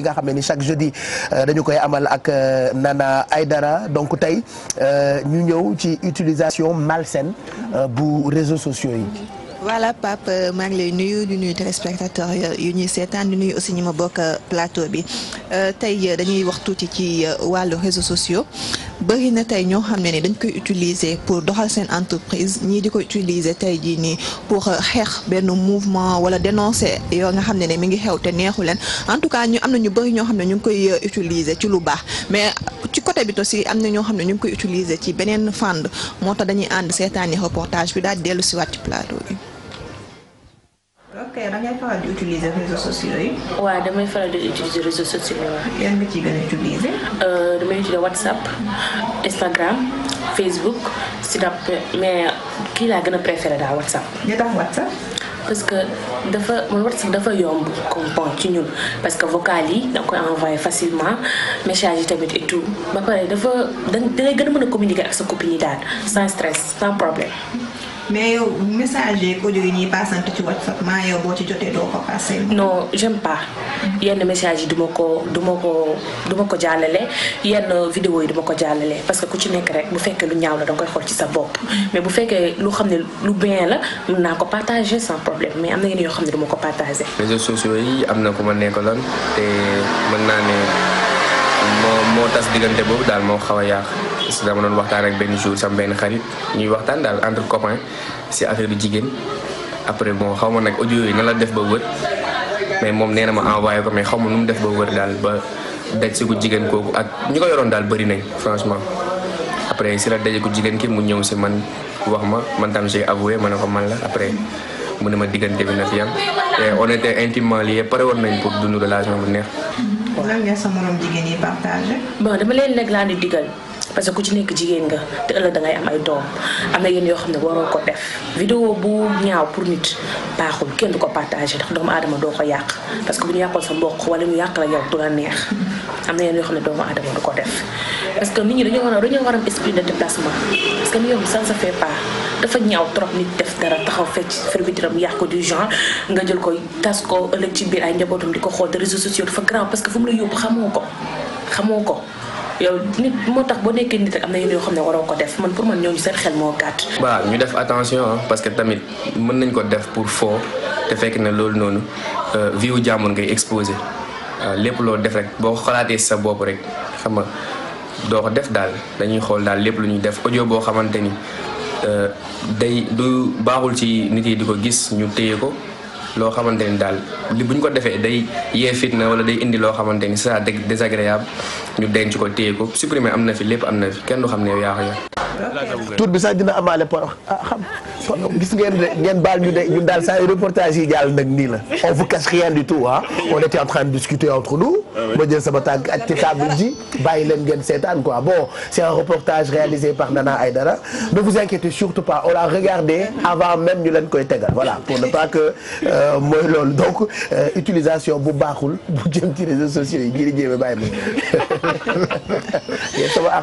yi nga xam ne ni chaque jeudi euh, dañu koy amal ak euh, Nana Aydara donc tey euh, ñu ñëw ci utilisation malsaine bu réseaux sociaux yi voilà Pape maa ngi lay nuyu di nuyu téléspectateurs yu ñuy seetaan di nuyu aussi ñi ma bokk plateau bi euh, tey euh, dañuy wax tuuti ci euh, wàllu réseaux sociaux bëri na tey ñoo xam ne ni dañ koy utiliser pour doxal seen entreprise ñii di ko utiliser tey jii nii pour xeex benn mouvement wala dénoncer yoo nga xam ne ne mi ngi xew te neexu leen en tout cas ñu am na ñu bëri ñoo xam ne ñu ngi koy utiliser ci lu baax mais ci côté bi aussi am na ñoo xam ne ñu ngi koy utiliser ci beneen fànn moo tax dañuy ànd seetaani reportage bi daal di dellu si waat ci ok da ngay faral di utiliser réseaux sociaux yi. waaw damay faral di utiliser réseaux sociaux yi. yan nga ciy gën a utiliser. Euh, damay utiliser WhatsApp Instagram Facebook Snap mais kii laa gën a préféré daal WhatsApp. li tax WhatsApp. parce que dafa man WhatsApp dafa yomb comme bon ci ñun parce que vocal yi da koy envoyé facilement message yi tamit et ba pare dafa da da gën a mën a communiquer ak sa copine yi daal stress sans problème. mais yow euh, message yeeg audio yi ñuy passante ci WhatsApp maa yow euh, boo ci jotee doo ko passé. non j'aime pa yenn message yi du ko du ma ko du ma ko jàllale yenn vidéo yi du ko jàllale parce que ku ci nekk rek bu fekkee lu ñaaw la danga koy xool ci sa bopp. mais bu fekkee lu xam ne lu bien la mën naa ko partager sans problème mais am na yeneen yoo xam ne du ko partager. réseaux sociaux yi am na ku ma nekkaloon te mën naa ne moo moo tas diggante boobu daal moo xaw a yàq. si dama doon waxtaan ak benn jour sama benn xarit ñuy waxtaan daal entre copains si affaire bi jigéen après bon xaw ma nag audio yi na la def ba wër mais moom nee na ma envoyé ko xaw ma nu mu def ba wër daal ba daj si ku jigéen kooku ak ñi ko yoroon daal bëri nañ franchement. après si la daje ku jigéen ki mu ñëw si man wax ma man tam j'ai avoué ma ne ko man la après mu ne ma diggante bi na fi am te on était intimement liés pare woon nañ pour dund relation bu neex. lan ngeen dama leen nag laa di digal. parce que ku ci nekk jigéen nga te ëllëg da am ay doom am na yéen yoo xam ne waroo ko def vidéo bu ñaaw pour nit baaxul kenn du ko partagé ndax doomu adama doo ko yàq parce que bu ñu sa mbokk wala ñu yàq la yow am na yéen ne doomu aadama du ko def parce que nit ñi dañoo war a dañoo war am esprit de déplacement parce que ni yow ça se fait pas dafa ñaaw trop nit def dara taxaw fecc ferbitiram yàq ko du genre nga jël ko tas ko ëllëg ci biir ay njabootam di ko xool de réseaux sociaux dafa grand parce que fu mu la yóbbu xamoo ko xamoo ko yow nit moo tax boo nekkee nit rek am na yenn yoo xam ne waroo ko def man pour man ñooñu seen xel moo gàtt. waaw ñu def attention parce que tamit mën nañ ko def pour foo te fekk na loolu noonu euh, vie wu jàmbur ngay exposé euh, lépp loo def rek boo xalaatee sa bopp rek xam doo ko def daal dañuy xool daal lépp lu ñuy def audio boo xamante ni euh, day du baaxul ci nit yi di ko gis ñu téye ko. loo xamante ni daal bu buñ ko defee day yee fitna wala day indi loo xamante ni c'est désagréable ñu denc ko téye ko supprimer am na fi lépp am na fi kenn du xam ne yow yaa ko yor. tur bi sax dina amaale por ah xam ngeen de ngeen baal ñu saa reportage yi jàll nag nii la on vous cache rien du tout ah on était en train de discuter entre nous. ma jël sama tànk ak ci table ji bàyyi leen ngeen seetaan quoi bon c'est un reportage réalisé par Nana Aïdara ne l'a koy tegal voilà Euh, mooy loolu donc euh, utilisation bu baaxul bu jëm ci réseaux sociaux yi jiri jéeme bàyyi ma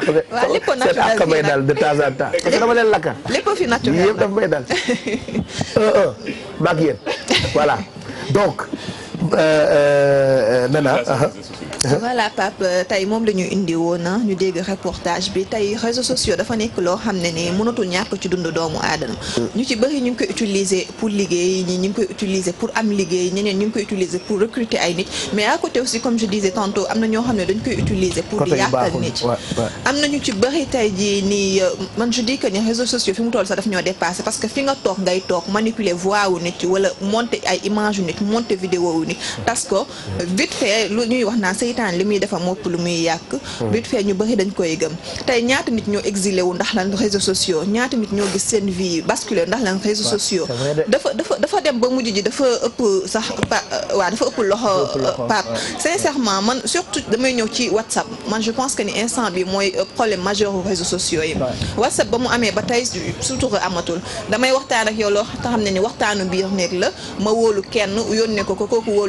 sama àq seen àq may dal de temps en temps parce que dama leen lakka lépp fi naturel yëpp euh, voilà donc Euh, euh, euh, Nana. voilà ah, ah. Pape tey moom la ñu indi ah, ñu dégg reportage bi tey réseaux sociaux dafa nekk loo xam ne ni mënatul ñàkk ci dund doomu aadama. ñu ci bëri ñu ngi koy utiliser pour liggéey ñi ñu ngi koy utiliser pour am ñu ngi koy utiliser pour recruter ay nit mais à côté aussi comme je disais tantôt am na ñoo xam ne dañ koy utiliser. pour di yàqal nit am na ñu ci bëri tey jii nii man je dis ni réseaux sociaux fi mu toll sax daf ñoo dépassé parce que fi nga toog ngay toog manipuler tas ko vite fait lu ñuy wax naan seytaan li muy defa mopp lu muy yàq hmm. vite fait ñu bëri dañ koy gëm tey ñaata nit ñoo exilé wu ndax lan réseaux sociaux ñaata nit ñoo gis seen vie basculé ndax lan réseaux sociaux dafa dafa dafa dem ba mujj ji dafa ëpp sax pa waaw dafa ëpp loxo euh, pap sincèrement man surtout damay ñëw ci whatsapp man je pense que ni instant bi mooy euh, problème majeur aux réseaux sociaux yi whatsapp ba mu amee ba tey surtout amatul damay waxtaan ak yow loo xam ne ni waxtaanu biir néeg la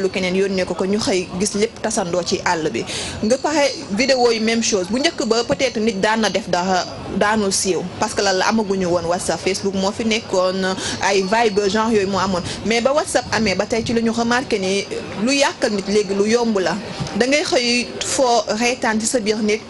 lu keneen yónnee ko ko ñu xëy gis lépp tasandoo ci àll bi nga pare vidéo yi même chose bu njëkk ba peut-être nit daan na def dara daanul siiw parce que la amaguñu woon WhatsApp Facebook moo fi nekkoon ay Viber genre yooyu moo amoon mais ba WhatsApp amee ba tey ci lu ñu remarqué ni lu yàqal nit léegi lu yomb la da ngay xëy foo reetaan ci sa biir nit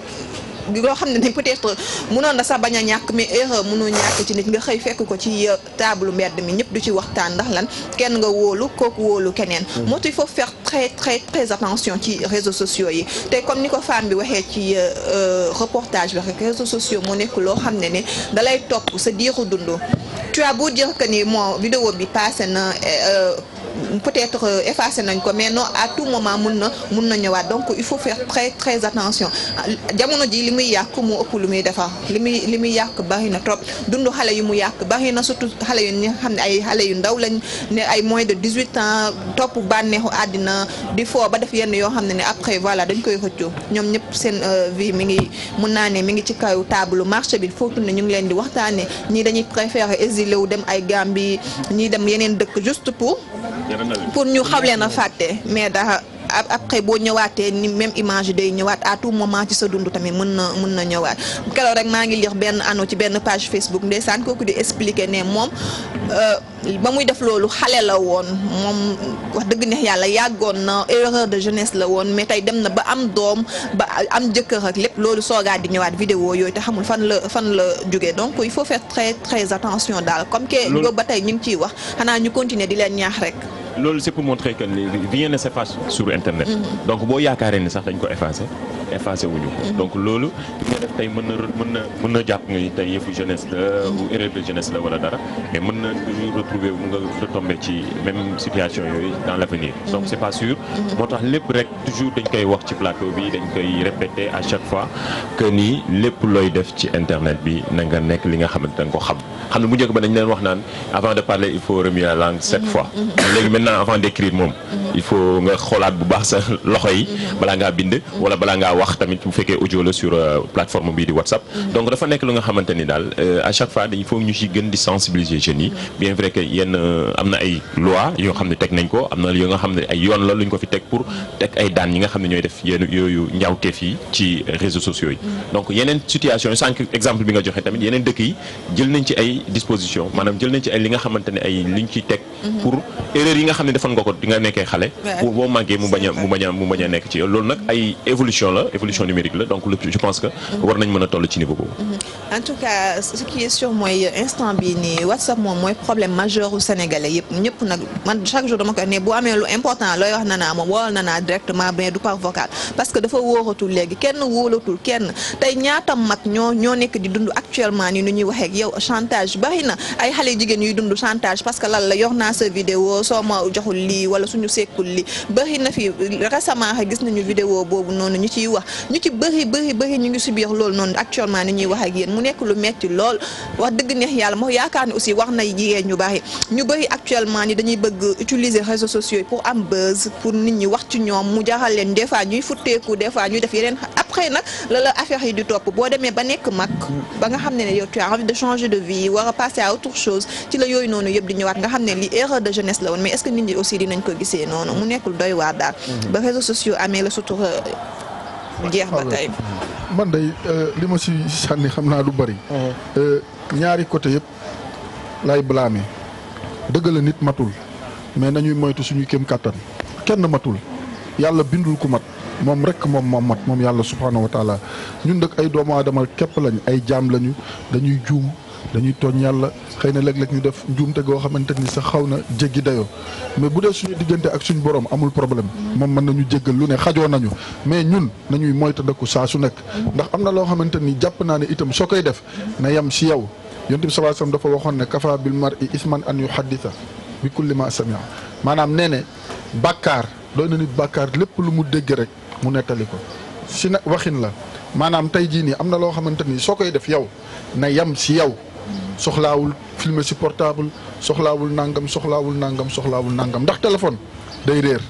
loo xam ne ne peut-être munoon na sax bañ a ñàkk mais erreur mënoo ñàkk ci nit nga xëy fekk ko ci euh, taablu mbedd mi ñëpp du ci waxtaan ndax lan kenn nga wóolu kooku wóolu keneen mm. moo tax il faut faire très très attention ci réseau sociaux yi te comme ni ko femme bi waxee ci euh, euh, reportage bi rek réseaux sociaux moo nekk loo xam ne ni dalay topp sa diiru dund tu as beau dire ni moo vidéo bi passé na peut-être euh, effacé nañ ko mais non à moment mun na mun na ñëwaat donc il faut faire très très attention jamono ji li muy yàq mu ëpp lu muy defar li muy li muy yàq bari na trop dund xale yi mu yàq bari na surtout xale yu ñi xam ne ay xale yu ndaw lañ ne ay moins de dix-huit ans topp bànneexu àddina di foo ba def yenn yoo xam ne ne après voilà dañ koy xëccu ñoom ñëpp seen euh, vie mi ngi mun naa ne mi ngi ci kaw table marché bi foofu ne ñu ngi leen di waxtaanee ñii dañuy préférer exiler wu dem ay Gambie ñii dem yeneen dëkk juste pour pour ñu xawle na fàtte mais daxa après boo ñëwaatee ni même image day ñëwaat à tout moment ci sa dund tamit mën na mën na ñëwaat keroog rek maa ngi lire benn ano ci benn page Facebook saan kooku di expliquer ne moom euh, ba muy def loolu xale la woon moom wax dëgg neex yàlla yàggoon na erreur de jeunesse la woon mais tey dem na ba am doom ba am jëkkër ak lépp loolu soogaat di ñëwaat vidéo yooyu te xamul fan la fan la jógee donc il faut faire très très attention daal comme que. ba tey ñu ngi ciy wax xanaa ñu continuer di leen ñaax rek. loolu c'est pour montrer que rien ne s'efface sur internet mm. donc boo yaakaaree ni sax dañ ko effacer effacé wuñu ko mm-hmm. donc loolu li nga def tey mën na mën na mën na jàpp nga ni tey yëfu jeunesse la ou erreur de jeunesse la wala dara mais mën na toujours retrouver mu nga retomber ci même situation yooyu dans l' mm-hmm. donc c' est pas sûr mm-hmm. moo tax lépp rek toujours dañ koy wax ci plateau bi dañ koy répéter à chaque fois que nii lépp looy def ci internet bi na nekk li nga xamante da nga ko xam xam ne bu njëkk ba dañ leen wax naan avant de parler il faut remuer la langue sept fois léegi moom il faut xoolaat bu baax sa loxo yi balaa ngaa bind wala balaa ngaa wax tamit bu fekkee audio la sur euh, plateforme bii di WhatsApp. Mm-hmm. donc dafa nekk lu nga xamante ni daal euh, à chaque fois dañu foog ñu ci gën di sensibiliser jeunes yi mm-hmm. bien vrai que yenn euh, am na ay loi yoo xam ne teg nañ ko am na yoo nga xam ne ay yoon la lu ñu ko fi teg pour mm-hmm. teg ay daan yi nga xam ne ñooy def yenn yooyu ñaawteef yi ci réseaux sociaux yi. donc yeneen exemple bi nga joxe tamit yeneen dëkk yi jël nañ ci ay dispositions maanaam jël nañ ci li nga xamante ne ay ciy teg. pour erreur yi nga xam ne defoon nga ko di nga nekkee xale. boo màggee mu bañ a mu bañ a mu bañ a nekk ci loolu nag ay évolution la évolution numérique la donc je pense que war nañ mën a toll ci niveau boobu en tout cas ce qui est sûr mooy instant bi nii WhatsApp moom mooy problème majeur u sénégalais yëpp nag man chaque jour dama koy ne bu amee lu important looy wax na moom woowal na directement mais du par parce que dafa wóoratul léegi kenn wóolatul kenn tey ñaata mag ñoo nekk di dund actuellement ni nu ñuy waxee ak yow chantage bari na ay xale jigéen yuy dund chantage parce que lan la yor naa sa vidéo soo ma joxul lii wax ñu ci bëri bëri bëri ñu ngi subir loolu noonu actuellement ni ñuy wax ak yéen mu nekk lu metti lool wax dëgg neex yàlla moo yaakaar ne aussi wax na jigéen ñu bari ñu bëri actuellement ni dañuy bëgg utiliser réseaux sociaux pour am buzz pour nit ñi wax ci ñoom mu jaxal leen des fois ñuy futteeku des fois ñuy def yeneen après nag la la affaire yi di topp boo demee ba nekk mag ba nga xam ne ne yow tu as de changer de vie war a passer à autre chose ci la yooyu noonu yëpp di ñëwaat nga xam ne li erreur de jeunesse la woon ko gisee noonu mu nekkul doy waar daal mm-hmm. amee la surtout jeex ba tey man day euh, li ma si sànni xam naa du bari euh, ñaari côté yëpp lay blâmer dëgg la nit matul mais nañuy moytu suñu kem kàttan kenn matul yàlla bindul ku mat moom rek moom moom mat moom yàlla subhaanahu wa taala ñun nag ay doomu aadama képp lañ ay jaam lañu dañuy juum dañuy tooñ yàlla xëy na léeg-léeg ñu def njuumte goo xamante ni sax xaw na jéggi dayoo mais bu dee suñu diggante ak suñu borom amul problème moom mën nañu jéggal lu ne xajoo nañu mais ñun nañuy moytandiku saa su nekk ndax am na loo xamante ni jàpp naa ne itam soo koy def na yem si yow yonent bi sallallahu alayhi wasallam dafa waxoon ne kafa bil mar'i isman an yuhaddisa bi kulli ma sami'a maanaam nee ne bàkkaar doy na nit bàkkaar lépp lu mu dégg rek mu nettali ko si na waxin la maanaam tey jii nii am na loo xamante ni soo koy def yow na yem si yow soxlaawul filmer si portable soxlaawul nangam soxlaawul nangam soxlaawul nangam ndax téléphone day réer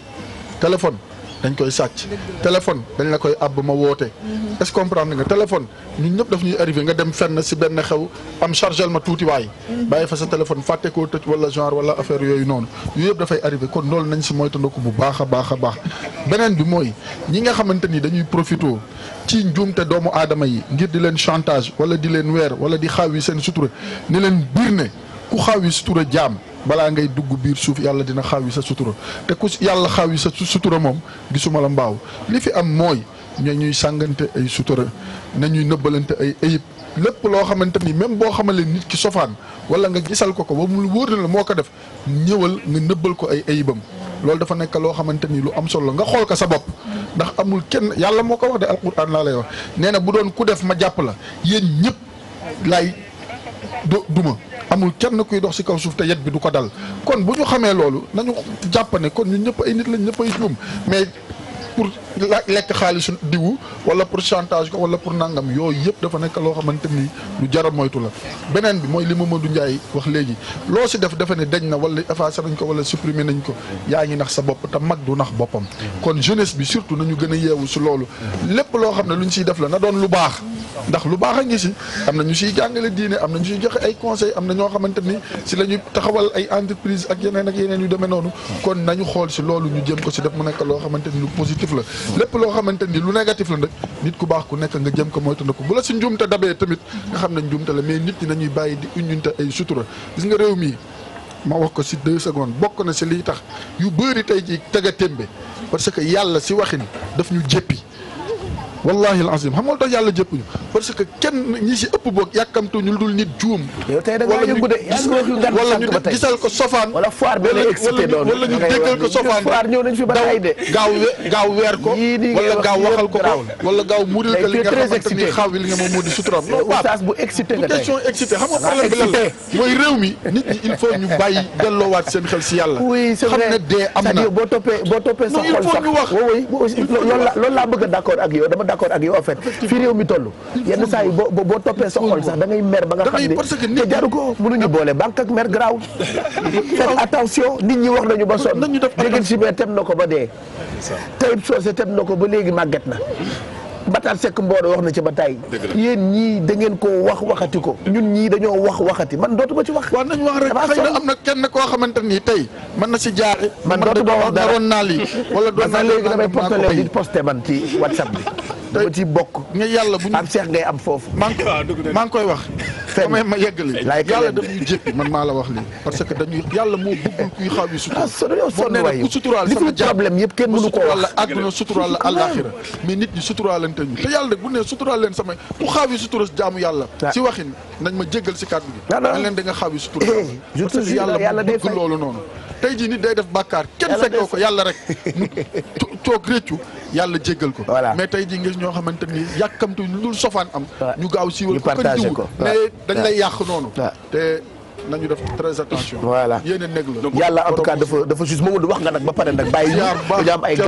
téléphone. dañ koy sàcc téléphone dañ la koy àbb ma woote mhm. est nga téléphone ñun ñëpp daf ñuy arrivé nga dem fenn si benn xew am chargel ma tuuti waay mhm. bàyyi fa téléphone fàtte koo wala genre wala affaire yooyu noonu yëpp dafay arrivé kon loolu nañ si moytandiku bu baax a baax a baax beneen bi mooy ñi nga xamante ni dañuy profité ci njuumte doomu aadama yi ngir di leen chantage wala di leen weer wala di xaaw yi seen sutura ni leen biir ne ku xaaw yi sutura jaam balaa ngay dugg biir suuf yàlla dina xaaw yi sa sutura te ku yàlla xaw yi sa sutura moom gisuma la mbaaw li fi am mooy ña ñuy sàngante ay sutura na ñuy nëbbalante ay ayib lépp loo xamante ni même boo xamale nit ki sofaan wala nga gisal ko ko ba mu wóor na la moo ko def ñëwal nga nëbbal ko ay ayibam loolu dafa nekk loo xamante ni lu am solo nga xool ko sa bopp ndax amul kenn yàlla moo ko wax de alquran laa lay wax nee na bu doon ku def ma jàpp yéen ñëpp laay amul kenn kuy dox ci kaw suuf te yet bi du ko dal kon bu ñu xamee loolu nañu jàpp ne kon ñun ñëpp ay nit lañ ñëpp ay juum mais pour laaj lekk xaalisu diwu wala pour chantage ko wala pour nangam yooyu yëpp dafa nekk loo xamante ni lu jara moytu la. beneen bi mooy li du Ndiaye wax léegi loo si def dafa ne dañ na wala effacé nañ ko wala supprimer nañ ko yaa ngi nax sa bopp te mag du nax boppam. kon jeunesse bi surtout nañu gën a yeewu si loolu lépp loo xam ne lu ñu siy def la na doon lu baax ndax lu baax a ngi si am na ñu siy jàngale diine am na ñu siy joxe ay conseil am na ñoo xamante ni si la ñuy taxawal ay entreprise ak yeneen ak yeneen yu demee noonu kon nañu xool si loolu ñu jëm ko def mu nekk loo xamante ni lu positif la lépp loo xamante ni lu négatif la nag nit ku baax ku nekk nga jëm ko moytandiku bu la si njuumte dabee tamit nga xam ne njuumte la mais nit ñi nañuy bàyyi di uñunte ay sutura gis nga réew mii ma wax ko si deux secondes bokk na si liy tax yu bëri tey ji tega témbe parce que yàlla si waxin daf ñu jéppi wallahi alazim xam nga tax yàlla jëppuñu parce que kenn ñi si ëpp boog yàkkamtuñu lu dul nit juum. yow ñu gisal ko sofaan. wala gaaw weer ko. wala gaaw waxal ko ko wala gaaw muuril ko li nga xamante ni xaw li nga moom moo di suturaam. non oustaz bu excité nga xam nga problème bi lan la mooy réew mi nit ñi il faut ñu bàyyi delloowaat seen xel si yàlla. oui c'est vrai xam ne dee am na. c'est-à-dire boo toppee boo toppee sax loolu laa d'accord ak yow en fait fi réew mi toll yenn saa yi boo boo toppee sa xol sax da ngay mer ba nga xam ne te jaru ko mënuñu boole banque ak mer garaaw faites attention nit ñi wax nañu ba sonn jégin si tem na ko ba dee tayib soosé tem na ko ba léegi màgget na Batal Seck Mboro wax na ci ba tey yéen ñii da ngeen koo wax waxati ko ñun ñii dañoo wax waxati man dootuma ci wax waaw nañ am na kenn koo xamante nii tey mën na si jaare man dootuma wax dara naroon naa lii wala doon naa léegi damay postale di posté man ci whatsapp bi dama ciy bokk. nga yàlla bu ñu am seex ngay am foofu. maa ngi koy maa ngi koy wax. fenn ma yeggali. yàlla daf ñu jéppi man maa la wax lii. parce que dañuy yàlla moo bëggul kuy xaw yi sutura. boo ah, nee nag ku suturaal sama jaam problème yëpp kenn mënu ko wax. àdduna suturaal la àllaaxira nit ñi suturaalante ñu te yàlla nag bu nee suturaal leen sama ku xaaw yi sutura jaamu yàlla. Ah. si waxin nañ ma jéggal si kàddu gi. waaw ah, waaw leen da nga xaaw yi sutura. Eh, parce que yàlla bëgg loolu noonu tey jii nit day def bàkkaar kenn fekkoo ko yàlla rek toog réccu yàlla jéggal ko mais tey ji ngis ñoo xamante ni yàkkamtu lu dul sofaan am ñu gaaw siiwal ko kenn diwul mais dañ lay yàq noonu te nañu def très attention a la yàlla en tout cas dafa juste Mamadou wax nga nag ba pare nag bàyyi ñu am ay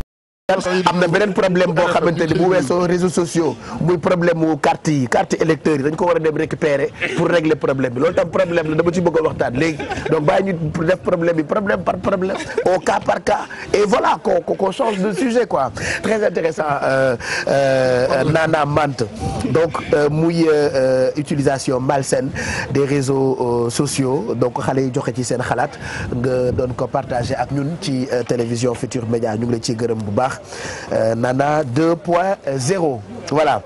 am na beneen problème boo xamante ni bu weesoo réseaux sociaux muy problème wu carte yi carte dañ ko war a dem récupérer pour régler problème bi loolu tam problème la dama ci bëgg a waxtaan léegi donc bàyyi ñu def problème problème par problème au cas par cas et voilà qu'on qu'on change de sujet quoi très intéressant euh, euh, Nana Mante donc euh, muy utilisation malsaine des réseaux sociaux donc xale yi joxe ci seen xalaat nga doon ko partager ak ñun ci télévision Futur Média ñu ngi la ciy gërëm bu baax Euh, Nana 2.0 voilà